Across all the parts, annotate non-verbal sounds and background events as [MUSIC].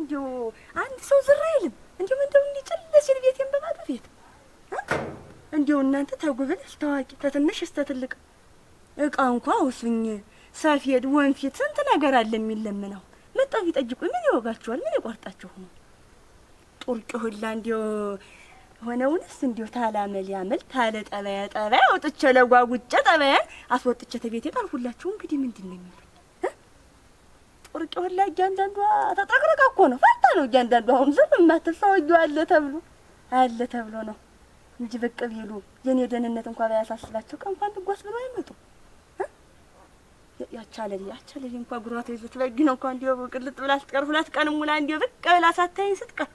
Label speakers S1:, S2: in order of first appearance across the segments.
S1: እንደው አሁን አንድ ሰው ዝር አይልም። እንደው እንደው እንዲጭል ሲል ቤቴን በማጥፊት እንደው እናንተ ተጉብል እስታዋቂ ተትንሽ እስተ ትልቅ እቃ እንኳ ውሱኝ ሰፌድ፣ ወንፊት ስንት ነገር አለ የሚለምነው መጣው ምን ይወጋችኋል? ምን ይቆርጣችሁ ነው? ሁላ እንዲው ሆነውንስ እንዲሁ ታላመል ያመል ታለ ጠበያ ጠበያ አውጥቼ ለጓጉጬ ጠበያን አስወጥቼ ተቤቴ ጣልሁላችሁ። እንግዲህ ምንድን ነው የሚሉት? ጥርቅ ወላ እያንዳንዷ ተጥረቅረቃ እኮ ነው። ፈርታ ነው እያንዳንዷ። አሁን ዝም የማትል ሰውዬው አለ ተብሎ አለ ተብሎ ነው እንጂ ብቅ ቢሉ የኔ ደህንነት እንኳ ባያሳስባቸው ቀን ድጓስ ብሎ አይመጡ። ያቻለል ያቻለል እንኳ ጉሯ ተይዞ ትበጊ ነው እንኳ እንዲሁ ቅልጥ ብላ ስትቀር ሁለት ቀን ሙላ እንዲሁ ብቅ ብላ ሳታይኝ ስትቀር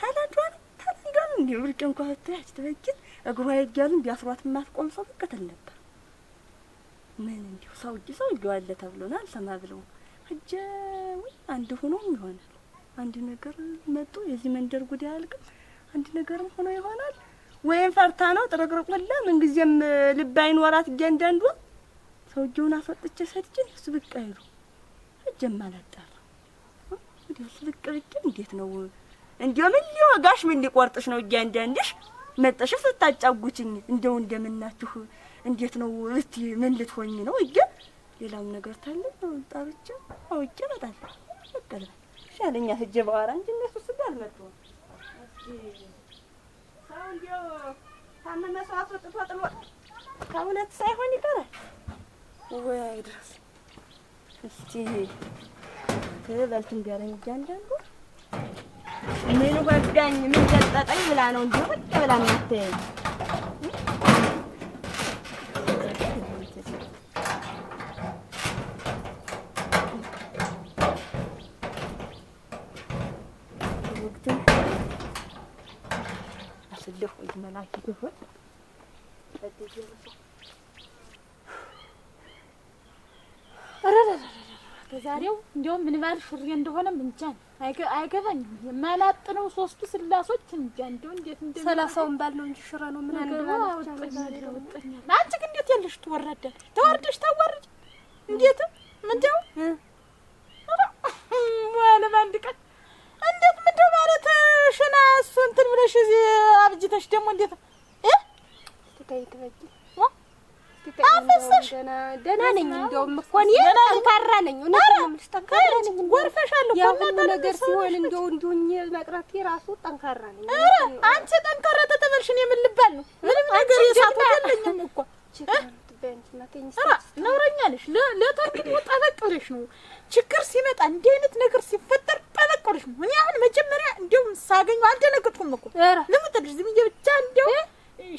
S1: ታላንዷን ታላንዷን እንዲሁ ብርቅ እንኳ ትያች ትበጊ እግሯ ይጋሉ እንዲያስሯት የማትቆም ሰው ብቅ ነበር። ምን እንዲሁ ሰው እጅ ሰው እጅ አለ ተብሎናል። ሰማ ብለው እጀ ወይ አንድ ሆኖም ይሆናል አንድ ነገር መጡ። የዚህ መንደር ጉድ አያልቅም። አንድ ነገርም ሆኖ ይሆናል ወይም ፈርታ ነው ጥርቅርቁላ ምንጊዜም ልብ አይኖራት። እያንዳንዱ ሰው እጅውን አስወጥቼ ሰድጅን እሱ ብቅ አይሉ እጀም አላጣራ እንዲሁ እሱ ብቅ ብቅ እንዴት ነው እንዲሁ ምን ሊወጋሽ ምን ሊቆርጥሽ ነው? እያንዳንድሽ መጠሽ ስታጫጉችኝ እንደው እንደምናችሁ እንዴት ነው እስቲ ምን ልትሆኝ ነው እየ ሌላም ነገር ታለ ጣርቼ አውቄ እመጣለሁ። በቀለ ሻለኛ ህጀ በኋላ እንጂ እነሱ ስጋ አልመጡም። ሰው እንዲያው ታመመ ሰው አስወጥቶ ጥሎ ከእውነት ሳይሆን ይቀራል ወይ አይድረስ እስቲ እያንዳንዱ ምን ወጋኝ ምን ገጠጠኝ ብላ ነው እንጂ ብላ ማተያይ ከዛሬው እንዲያውም ምን ባል ሹሬ እንደሆነም እንጃ አይገባኝም። የማላጥነው ሶስቱ ስላሶች እንጃ እንደው እንዴት እንደ ሰላሳውን ባል ነው እንጂ ሽረ ነው ምን አንደው አንቺ ግን እንዴት ያለሽ ትወረደ ተወርደሽ ታወርጅ እንዴት ምንድነው ወለ ባንድ ቀን እንዴት ምንድን ማለት ሽና እሱ እንትን ብለሽ እዚህ አብጅተሽ ደግሞ እንዴት አፈሰሽ? ደህና ነኝ። እንደውም እኮ እኔ ጠንካራ ነኝ። ጎርፈሻል እኮ ነገር ሲሆን እንደው መቅረቴ ጠንካራ ነኝ። ኧረ አንቺ ጠንካራ ተተበልሽ እኔ ምን ልባል ነው? ምንም ነገር የለኝም እኮ ነውረኛ ነሽ። ጠበቅ ብለሽ ነው ችግር ሲመጣ እንዲህ አይነት ነገር ሲፈጠር ልንገርሽ ነው እኔ አሁን መጀመሪያ እንዲያውም ሳገኘው አልደነገጥኩም እኮ ልሙጥልሽ ዝም ብዬ ብቻ እንዲያው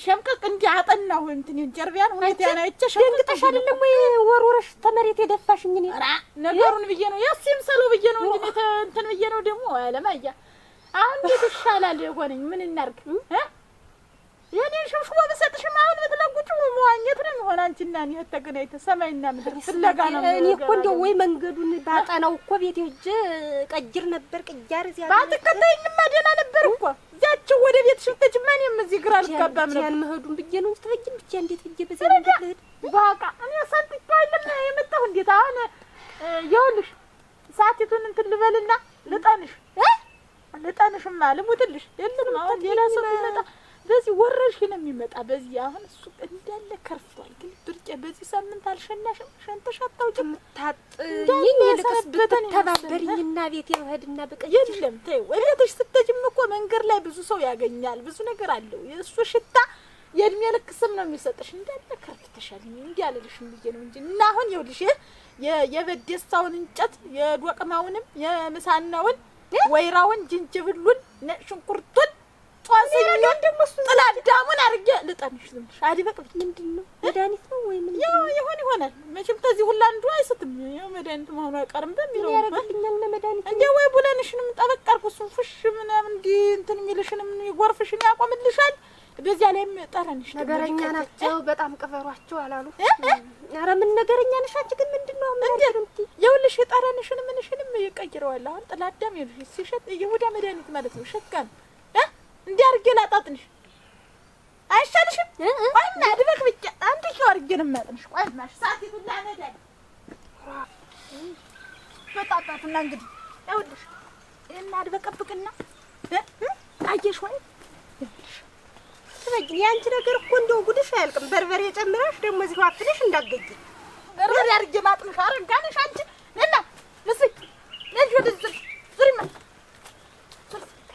S1: ሸምቀቅ እንዲህ አጠናሁ እንትን ጀርቢያን ሁኔታ ያናይቸ ደንግጠሽ አይደለም ወይ ወርወረሽ ተመሬት የደፋሽ እንግኒ ነገሩን ብዬ ነው ያስ ይምሰለው ብዬ ነው እንግኒ እንትን ብዬ ነው ደግሞ አለማያ አሁን እንዴት ይሻላል ሆነኝ ምን እናርግ የኔን ሽብሽቦ ብሰጥሽማ አሁን ብትለጉጭ መዋኘት ነው የሚሆን። አንቺና እኔ ተገናኝተን ሰማይና ምድር ፍለጋ ነው። እኔ እኮ እንደው ወይ መንገዱን ባጠናው እኮ ቤት ሂጅ ቀጅር ነበር ቅጃር እዚያ ባትከተይኝማ ደህና ነበር እኮ እዚያቸው ወደ ቤት ሽንፈጅ ማን የምዚህ ግራ አልገባም ነው ያን መሄዱን ብዬ ነው ውስጥ በጅም ብቻ እንዴት ብዬ በዚያ መንገድ በቃ እኔ ሰንጥቼ የመጣሁ። እንዴት አሁን የውልሽ ሰዓቲቱን እንትን ልበልና ልጠንሽ ልጠንሽማ ልሙትልሽ የለም ሌላ ሰው ይመጣ በዚህ ወረርሽኝ ነው የሚመጣ። በዚህ አሁን እሱ እንዳለ ከርፍቷል። ግን ብርቄ በዚህ ሳምንት አልሸናሽም ሸንተሽ አታውጭ ምታጥይኝ የልቅስብትን ተባበሪኝና ቤት የውህድና ብቀ የለም ተይው። ወለተሽ ስትጅም እኮ መንገድ ላይ ብዙ ሰው ያገኛል። ብዙ ነገር አለው የእሱ ሽታ የእድሜ ልክ ስም ነው የሚሰጥሽ። እንዳለ ከርፍተሻል። እንዲህ አልልሽም ብዬ ነው እንጂ እና አሁን ይኸውልሽ የበደሳውን እንጨት የዶቅማውንም የምሳናውን ወይራውን ጅንጅብሉን ነጭ ሽንኩርቱን ጥላዳሙን አድርጌ ልጠንሽ ልምሽ አዲበቅ ምንድን ነው መድኃኒት ነው ወይ ምን? ያው ይሆን ይሆናል መቼም ከዚህ ሁሉ አንዱ አይስትም። ያው መድኃኒት መሆኑ አይቀርም በሚለው ያረግልኛል መድኃኒት እንደ ወይ ቡለንሽንም ጠበቅ እሱን ፉሽ ምናምን እንዲህ እንትን የሚልሽንም ጎርፍሽን ያቆምልሻል። በዚያ ላይም ጠረንሽ ነገረኛ ናቸው በጣም ቅበሯቸው አላሉ። ኧረ ምን ነገረኛ ነሽ አንቺ ግን ምንድን ነው ምንድንምቲ የሁልሽ ጠረንሽን ምንሽንም ይቀይረዋል። አሁን ጥላዳም ይልሽ ሲሸጥ የይሁዳ መድኃኒት ማለት ነው ሸጋ ነው እንዲህ አድርጌ ላጣጥንሽ አይሻልሽም? ቆይማ ድበቅ ብቻ አንድ ኪሎ አድርጌ ነው የማጥንሽ። ቆይማ ሰዓት ይሁላ በጣጣትና እንግዲህ ይኸውልሽ ይሄን አድበቀብቅና አየሽ ወይ ትበቂ የአንቺ ነገር እኮ እንደው ጉድሽ አያልቅም። በርበሬ ጨምረሽ ደግሞ እዚሁ አፍልሽ እንዳገኝ በርበሬ አድርጌ ማጥንሽ አረጋንሽ አንቺ እና ልስይ ልጅ ወደ ዙሪማ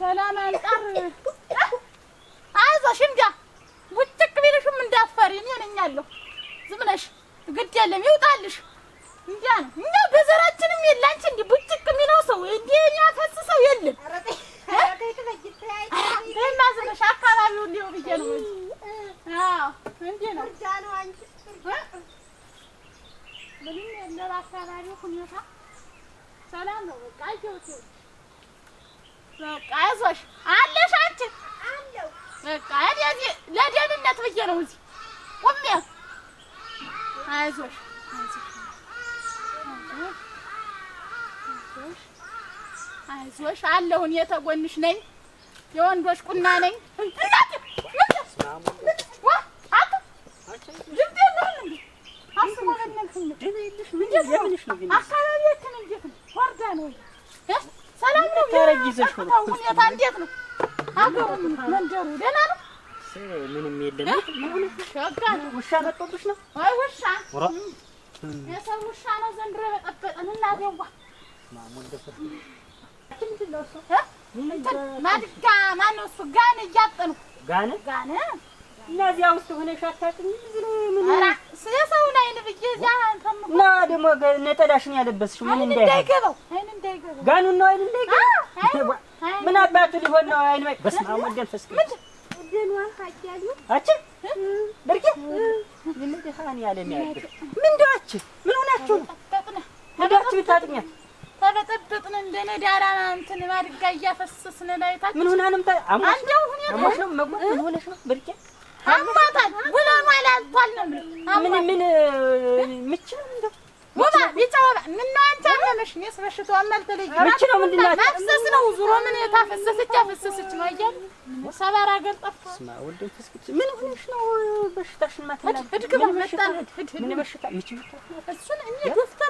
S1: ሰላም አንጻር አይዞሽ እንጃ ውጭቅ ቢልሽም እንዳትፈሪ እኔ ነኝ ዝም ብለሽ ግድ የለም ይውጣልሽ። እንዲያ ነው እኛ በዘራችንም የለ አንቺ እንዲህ ቡጭቅ የሚለው ሰው እንዲህ የሚያፈስ ሰው የለም። ይህማ ዝም ብለሽ አካባቢውን ሊሆን ብዬ ነው እንዲህ ነው ምንም የለም አካባቢው ሁኔታ ሰላም ነው በቃ አየሁት። በቃ አይዞሽ አለሽ አንቺ አለው። በቃ እዚህ ለደህንነት ብዬ ነው እዚህ ቁሜ። አይዞሽ አይዞሽ አለሁ እኔ ተጎንሽ ነኝ። የወንዶች ቁና ነኝ። አካባቢያችን እንዴት ነው? ወርዳ ነው ሰላም ነው። ሁኔታ እንዴት ነው? አገሩ መንደሩ ደህና ነው? ምንም የለም። ውሻ መጦብሽ ነው? አይ ውሻ የሰው ውሻ ነው ዘንድሮ የበጠበጠን። እናቴዋ ማድጋ ማነው እሱ ጋን እያጠንኩ ጋን ጋን እነዚያ ውስጥ ሆነሽ አታውቂም። የሰውን አይን ብዬ እዛ እና ደግሞ ነጠላሽን ያለበስሽ ምን እንዳይገባው አይን ነው አይን እንዳይገባው ምን አባቱ ሊሆን ነው አይን ወይ በስመ አብ ወልድ መንፈስ ቅዱስ ምን ሆና ነው? አሟታል። ውለኗ አልያዝቷል ነው የምልህ። ምን ምን ምች ነው እንደው ወባ ቢጫ ወባ ምነው አንቺ አመመሽ? እኔስ በሽታዋማ አልተለየም። ምች ነው ምንድን ናት? ማፍሰስ ነው ዙሮ ምን ታፈሰሰች አፈሰሰች ነው እያሉ ሰባራ ገል ጠፋ። ስማ ወደው ተስቅጭ ምን ሆነሽ ነው? በሽታሽን ማተላ እድግባ መጣ ምን በሽታ ምች ምታ እሱን እኔ ዶፍ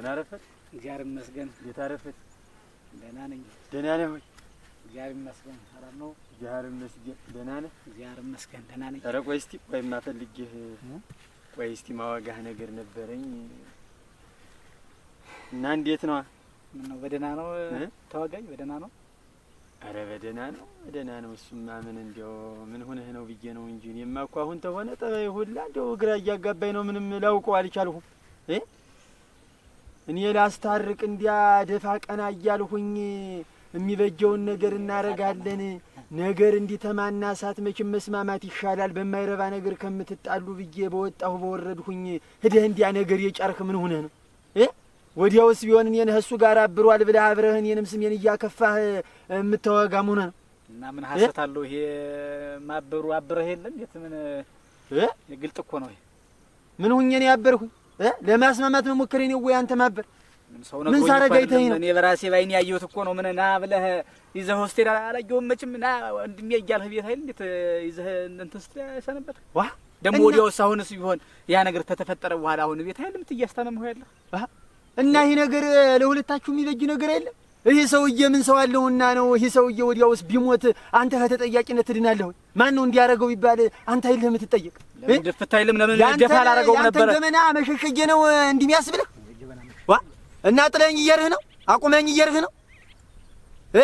S2: ደህና አረፈት?
S3: እግዚአብሔር ይመስገን። እንዴት አረፈት? ደህና ነኝ። ደህና ነህ ወይ? እግዚአብሔር ይመስገን።
S2: ሰላም ነው? እግዚአብሔር ይመስገን። ደህና ነህ?
S3: እግዚአብሔር ይመስገን። ደህና ነኝ።
S2: ኧረ ቆይ እስቲ ቆይ፣ የማፈልግህ ቆይ እስቲ ማወጋህ ነገር ነበረኝ እና እንዴት ነዋ?
S3: ምነው በደህና ነው? ተዋጋኝ በደህና ነው?
S2: አረ በደህና ነው፣ በደህና ነው። እሱማ ምን እንዲያው ምን ሆነህ ነው ብዬ ነው እንጂ እኔማ እኮ አሁን ተሆነ ጠበይ ሁላ እንዲያው ግራ እያጋባኝ ነው። ምንም ላውቀው አልቻልሁም እ እኔ ላስታርቅ እንዲያ ደፋ ቀና እያልሁኝ የሚበጀውን ነገር እናረጋለን። ነገር እንዲተማና እሳት መቼም መስማማት ይሻላል በማይረባ ነገር ከምትጣሉ ብዬ በወጣሁ በወረድሁኝ። ሂደህ እንዲያ ነገር የጫርክ ምን ሁነ ነው? ወዲያውስ ቢሆን እኔን እሱ ጋር አብሯል ብለህ አብረህ እኔንም ስሜን እያከፋህ የምታወጋ ሆነ ነው
S3: እና ምን ሀሰት አለው ይሄ ማበሩ አብረህ የለም የት ምን ግልጥ እኮ ነው
S2: ምን ሁኜ ነው ያበርሁኝ ለማስማማት መሞከሬ ነው ወይ አንተ ማበር
S3: ምን ሳረጋይተኝ ነው? እኔ በራሴ ባይኔ ያየሁት እኮ ነው። ምን ና ብለህ ይዘህ ሆስቴል አላየሁም መቼም። ና ወንድሜ እያልህ ቤት አይደል እንዴት ይዘህ እንትን ስትል ሰነበት። ዋ ደግሞ ወዲያውስ አሁንስ ቢሆን ያ ነገር ተተፈጠረ በኋላ አሁን ቤት አይደል የምትያስታመምሁ ያለህ
S2: እና ይህ ነገር ለሁለታችሁ የሚበጅ ነገር የለም ይህ ሰውዬ ምን ሰው አለውና ነው? ይህ ሰውዬ ወዲያውስ ቢሞት አንተ ከተጠያቂነት ትድናለህ? ማን ነው እንዲያረገው ይባል? አንተ አይልህ የምትጠየቅ? ለምን አይልም? ለምን ደፋ አላረገው ነበር? አንተ ገመና መሸሸጌ ነው እንዲህ የሚያስብልህ? ዋ እና ጥለኝ እየርህ ነው? አቁመኝ እየርህ ነው? እ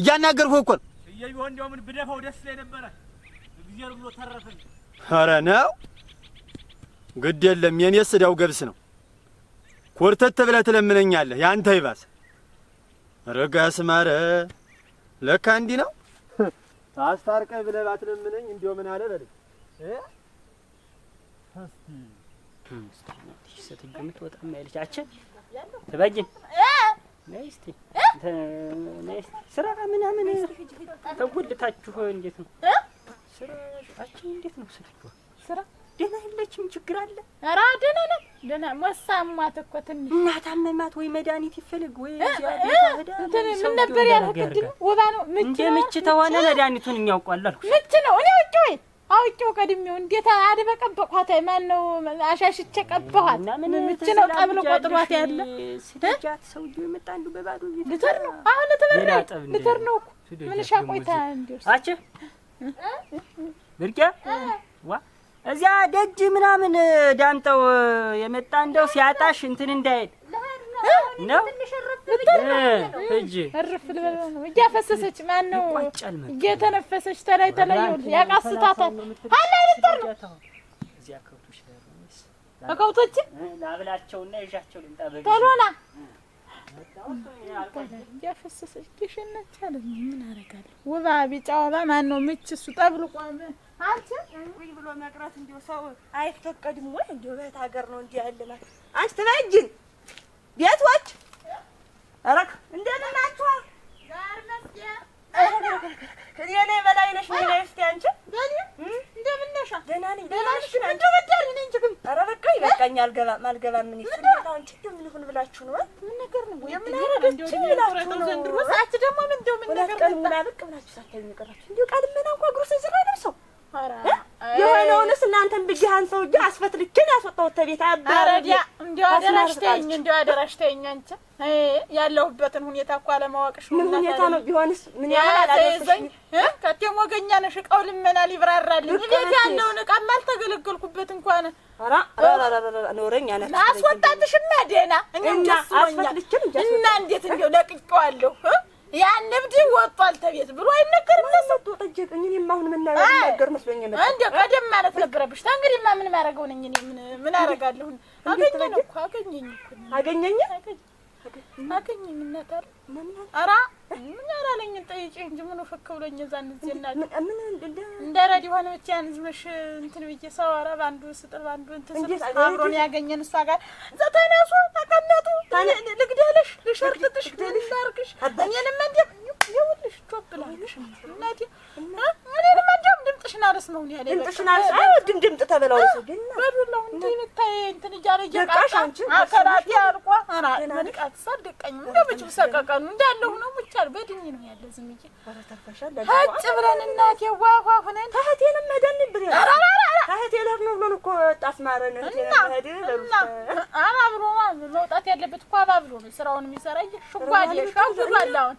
S2: እያናገርኩህ እኮ ነው።
S3: እየቢሆን እንዲያው ምን ብደፋው ደስ ላይ ነበረ። እግዚአብሔር ብሎ ተረፈኝ።
S2: አረ ነው ግድ የለም የኔ ስዳው ገብስ ነው። ኮርተት ብለህ ትለምነኛለህ። ያንተ ይባስ ረጋ ስማረ ለካ እንዲህ ነው። [LAUGHS]
S3: አስታርቀኝ ብለህ ባትለምነኝ እንዲያው ምን አለ በለኝ። የምትወጣ ማይልች አቸ ትበይን ስራ ምናምን ተጎልታችሁ እንዴት ነው ስራ? አቸ እንዴት ነው ስትዩ ስራ ደህና የለችም። ችግር አለ?
S1: ኧረ ደህና ናት፣ ደህና ወሳሟት እኮ ትንሽ
S3: እና ታመማት ወይ መድኃኒት ይፈልግ ወይ
S1: እንትን ምን ነበር ያልኩት? ቅድም ወባ ነው ምች ነው
S3: ምች ተሆነ መድኃኒቱን እኛ አልኩሽ።
S1: ምች ነው እኔ ወይ አውቄው ቀድሜው እንዴት አድበ ማን ነው አሻሽቼ ቀበኋት። ምች ነው ቀብሎ ቆጥሯት ያለ
S3: ስጃት ሰውዬው የመጣ አንዱ በባዶ
S1: ልትር ነው አሁን ልትበር ልትር ነው እኮ ምን ሻቆይታ እንዲወስ
S3: አቸ ብርቅያ ዋ እዚያ ደጅ ምናምን ዳምጠው የመጣ እንደው ሲያጣሽ እንትን እንዳይል ነው እጅ እርፍ ልበል
S1: እያፈሰሰች ማን ነው እየተነፈሰች ተላይ ተላይ ያቃስታታል አለ አይደል ነው እዚያ
S3: ላብላቸውና ይዣቸው ልምጣ
S1: በግ እያፈሰሰች ጌሽነት ያለ ምን አደርጋለሁ? ውባ ቢጫ ወባ ማን ነው ምች እሱ ጠብልቆ አንቺ ቁጭ ብሎ መቅረት እንዲሁ ሰው አይፈቀድም ወይ? እንዲሁ በት ሀገር ነው እንዲህ ያለ ማለት አንቺ ትናጅን ቤቶች አረክ እንደምን ናችሁ? ዛር መስያ እኔ ነኝ በላይ ነሽ ነኝ ነሽ አንቺ እንደምን ነሽ? ደህና ነኝ። ደህና ነሽ? እንደው በዳሪ ነኝ እንጂ ግን ኧረ በቃ ይበቃኛል። አልገባም አልገባም። ምን ይፍል ታውን ችግር ምን ይሁን ብላችሁ ነው? ምን ነገር ነው ወይ? ምን አረጋችሁ ነው? ዘንድሮ ሰዓት ደግሞ ምን እንደው ምን ነገር ነው? ብቅ ብላችሁ ሳታዩ ቀራችሁ። እንደው ቃል ምን እንኳን ጉርስ ዝራ ነው ሰው ኧረ የሆነውን የሆነውንስ እናንተን ሰው ሰውዬ አስፈትልኬን ያስወጣሁት ተቤት አባረዲያ እንዲያው አደራሽ ተይኝ፣ እንዲያው አደራሽ ተይኝ። አንቺ ያለሁበትን ሁኔታ እኮ አለማወቅሽ ምን ሁኔታ ነው? ቢሆንስ ምን ያህል አላዘዘኝ ከቴም ወገኛ ነሽ። እቃው ልመና ሊብራራልኝ ቤት ያለውን እቃም አልተገለገልኩበት እንኳን ኖረኝ ነ አስወጣትሽማ ደህና እና አስፈትልኬን እና እንዴት እንዲያው ለቅቄዋለሁ ያ ንብድ ወጥቷል ተቤት ብሎ አይነገርም። ተሰጥቶ ጠየቀኝ። እኔማ አሁን መናገር መስሎኝ ነው እንዴ? ቀደም ማለት ነበረብሽ። ታንግዲህ ምን ማረገው ነኝ? ምን ምን አረጋለሁ? አገኘኝ እኮ አገኘኝ እኮ አገኘኝ አገኘኝ እናት አለ። ኧረ ምን ያላለኝን ጠይቄ እንጂ ምኑ ፍክ ብሎኝ እዛን እዚህ እናት እንደ ረድ የሆነ ብቻ ያን ዝም እንትን ብዬሽ ሰው ኧረ በአንዱ ስጥር በአንዱ እንትን ስጥር አብሮን ያገኘን እሷ ጋር እዛ ተቀመጡ፣ ልግደልሽ፣ ልሸርትትሽ፣ ልናርግሽ እኔንም እንደ ይኸውልሽ ቾብላለሽ እናቴ እንጥሽን አርስ ነው ያለ እንጥሽን አርስ አዎ፣ ድምድምጥ ተበላው እሱ ግን ነው እንዴ ምታይ እንትን እያለ እየቃሽ አንቺ አከራቲ አልቆ አራ ምንቃት ሰር እንደ ብቻው ሰቀቀኑ እንዳለው ነው ብቻል በድኝ ነው ያለ ዝምዬ ሀጭ ብለን እናቴ ዋዋ ሆነን ታህቴ ለመደን ብሬ አራ ታህቴ ለር ነው ብለን እኮ ጣፍ ማረን እንዴ ለሄደ ለሩስ መውጣት ያለበት እኮ አባ ነው ስራውን የሚሰራ ይሽጓል ይሽጓል አሁን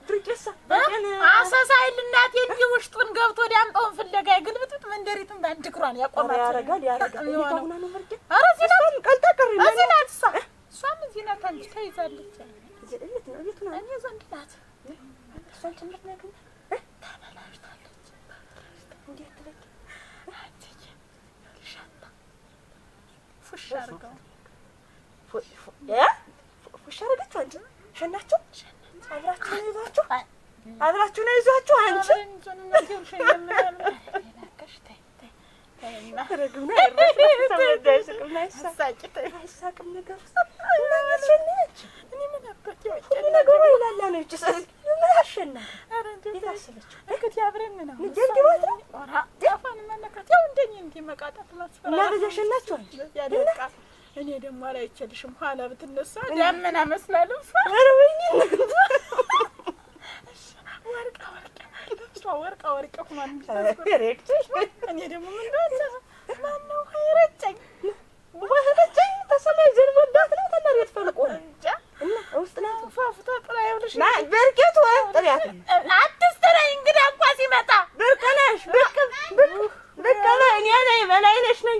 S1: አሰሳይል እናቴ እንዲህ ውሽጡን ገብቶ ዳምጣውን ፍለጋ ይግልብ ጡጥ መንደሪቱን በአንድ እግሯን ያቆማት ያረጋል ያረጋል ይታውና ነው እዚህ ናት እሷ እሷም እዚህ ናት አንቺ ተይዛለች ነው እኔ ዘንድ ናት እሷን ትምህርት ከኋላ ብትነሳ ዳመና መስላል። ወርቃ ወርቃ ወርቃ ወርቃ እኔ ደግሞ ምን ማነው ረጨኝ ረጨኝ ተሰማይ ዘንቦባት ነው ተመሬት ፈልቆ እንግዳ እንኳ ሲመጣ ብቅ ነሽ ብቅ ብቅ ብቅ እኔ ነኝ በላይነሽ ነኝ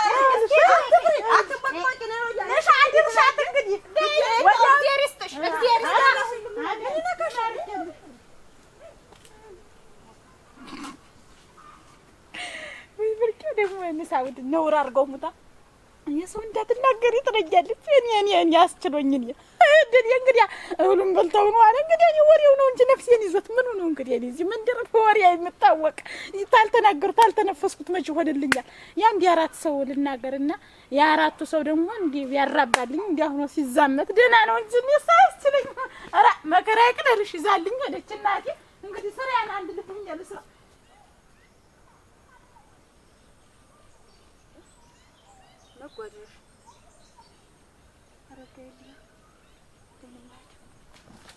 S1: አስችሎኝ እኔ እንግዲህ እንግዲህ እህሉን በልተው ነው አለ እንግዲህ እኔ ወሬው ነው እንጂ ነፍሴን ይዞት ምኑ ነው እንግዲህ እኔ እዚህ መንደር በወሬ የምታወቅ ታልተናገሩት ታልተነፈስኩት መቼ ሆንልኛል። የአንድ የአራት ሰው ልናገርና የአራቱ ሰው ደግሞ እንዲህ ቢያራባልኝ እንዲህ አሁን ሲዛመት ደህና ነው እንጂ እኔ ሳያስችለኝ ኧረ መከራ ይቅደርሽ ይዛልኝ አለች እናቴ። እንግዲህ ስራ ያን አንድ ልብኛ ልስራ መጓደር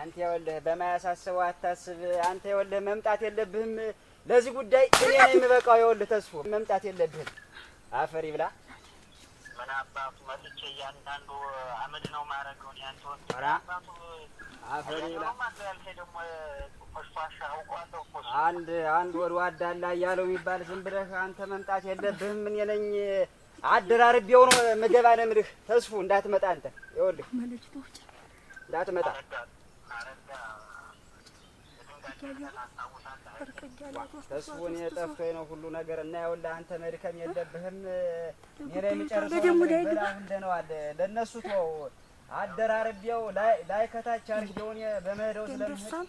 S4: አንተ ይኸውልህ በማያሳስበው አታስብ። አንተ ይኸውልህ መምጣት የለብህም ለዚህ ጉዳይ እኔ ነኝ የምበቃው። ይኸውልህ ተስፎ መምጣት የለብህም አፈሪ ብላ ምን አባቱ መልቼ እያንዳንዱ አመድ ነው ማረገው ያንተ አባቱ አፈሪ ብላ አንድ አንድ ወድ ዋዳላ እያለው የሚባል ዝም ብለህ አንተ መምጣት የለብህም እኔ ነኝ አደራርቤው ነው መገባ ነው የምልህ። ተስፉ እንዳትመጣ አንተ ይኸውልህ፣ እንዳትመጣ ተስፉ። እኔ ጠፍቶኝ ነው ሁሉ ነገር እና ይኸውልህ፣ አንተ መድከም የለብህም። እኔ ላይ የሚጨርሰው
S1: እንደ ነው አለ ለእነሱ
S4: ተው። አደራርቤው ላይ ላይ ከታች አድርጌው እኔ በመሄደው
S1: ስለምሄድ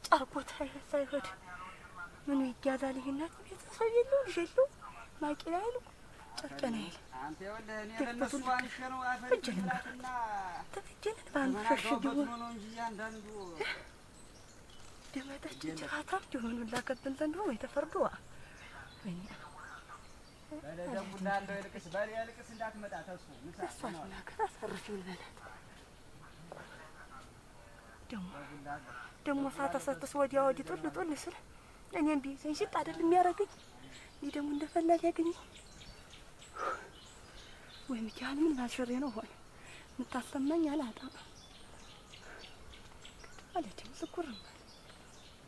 S1: ጻር ቦታ ምኑ ይጋዛል? ይህናት ቤተሰብ የለው ልጅ የለው ማቂላ አይሉ ጨርጨና ይል ተፈጀንን በአንዱ ሸሽግ ደመጠችን ጭፋታ እንዲሆኑ ላገብን ዘንድ ወይ ተፈርዶዋ እሷን ሀገር አሳርፊውን በላት ደግሞ ደግሞ ሳተሰትስ ወዲያ ወዲህ ጦል ጦል ስል እኔም ቢይዘኝ ሽጥ አይደል የሚያደርገኝ። ይህ ደግሞ እንደፈላጊ ያገኝ ወይ ሚካኤል፣ ምን ባልሽሬ ነው ሆነ የምታሰማኝ አላጣም አለችም። ስኩር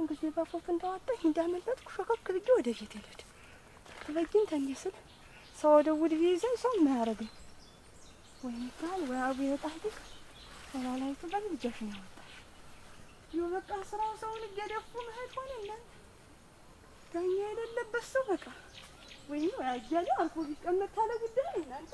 S1: እንግዲህ ባፎፍ እንዳወጣኝ እንዳመለጥኩ ሾከክ ብዬ ወደ ቤት ሄደድ ትበጊን ተኝ ሰው ወደ ውድ ቢይዘኝ ሰው የማያደርገኝ ወይ ሚካኤል ወይ አቡ የጣሂ ሰላላይቱ ባል ልጃሽን ያወ ይኸው በቃ ስራው ሰውን እየደፉ መሄድ ሆነ። እናንተ ዳኛ የሌለበት ሰው በቃ ወይም አያያሌው ቢቀመጥ ጉዳይ እናንተ